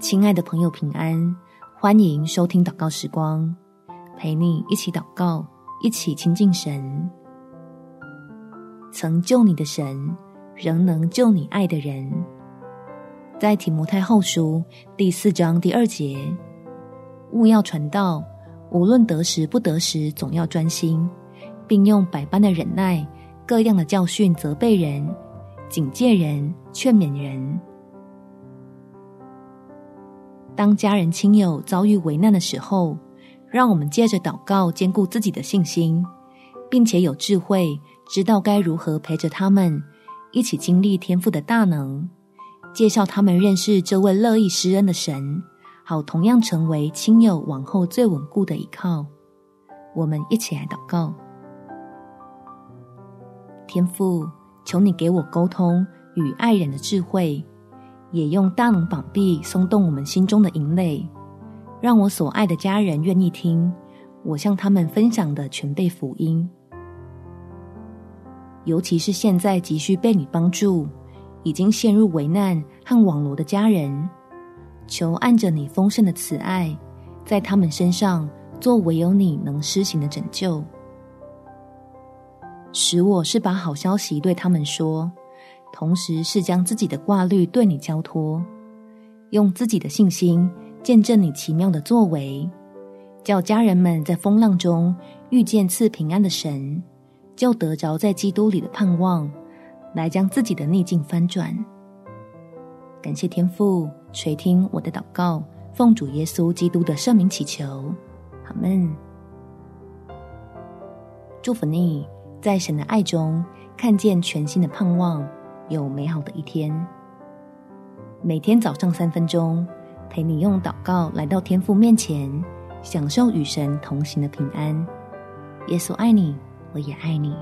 親愛的朋友，平安！歡迎收聽禱告時光，陪你一起禱告，一起親近神。曾救你的神，仍能救你愛的人。在提摩太後書第四章第二節，務要傳道，無論得時不得時，總要專心，並用百般的忍耐、各樣的教訓責備人、警戒人、勸勉人。當家人親友遭遇危難的時候，讓我們借着禱告堅固自己的信心，並且有智慧知道該如何陪着他們一起經歷天父的大能，介紹他們認識這位樂意施恩的神，好同樣成為親友往後最穩固的依靠。我們一起來禱告：天父，求你給我溝通與愛人的智慧。也用大能膀臂，鬆動我們心中的營壘，讓我所愛的家人願意聽我向他們分享的全備福音。尤其是現在急需被你幫助、已經陷入危難和網羅的家人，求按着你豐盛的慈愛，在他們身上做唯有你能施行的拯救，使我是把好消息對他們說，同時是將自己的掛慮對你交託，用自己的信心見證你奇妙的作為，叫家人們在風浪中遇見賜平安的神，就得着在基督裡的盼望，來將自己的逆境翻轉。感謝天父垂聽我的禱告，奉主耶穌基督的聖名祈求，阿門。祝福你，在神的愛中看見全新的盼望。有美好的一天，每天早上三分鐘，陪你用禱告來到天父面前，享受與神同行的平安。耶穌愛你，我也愛你。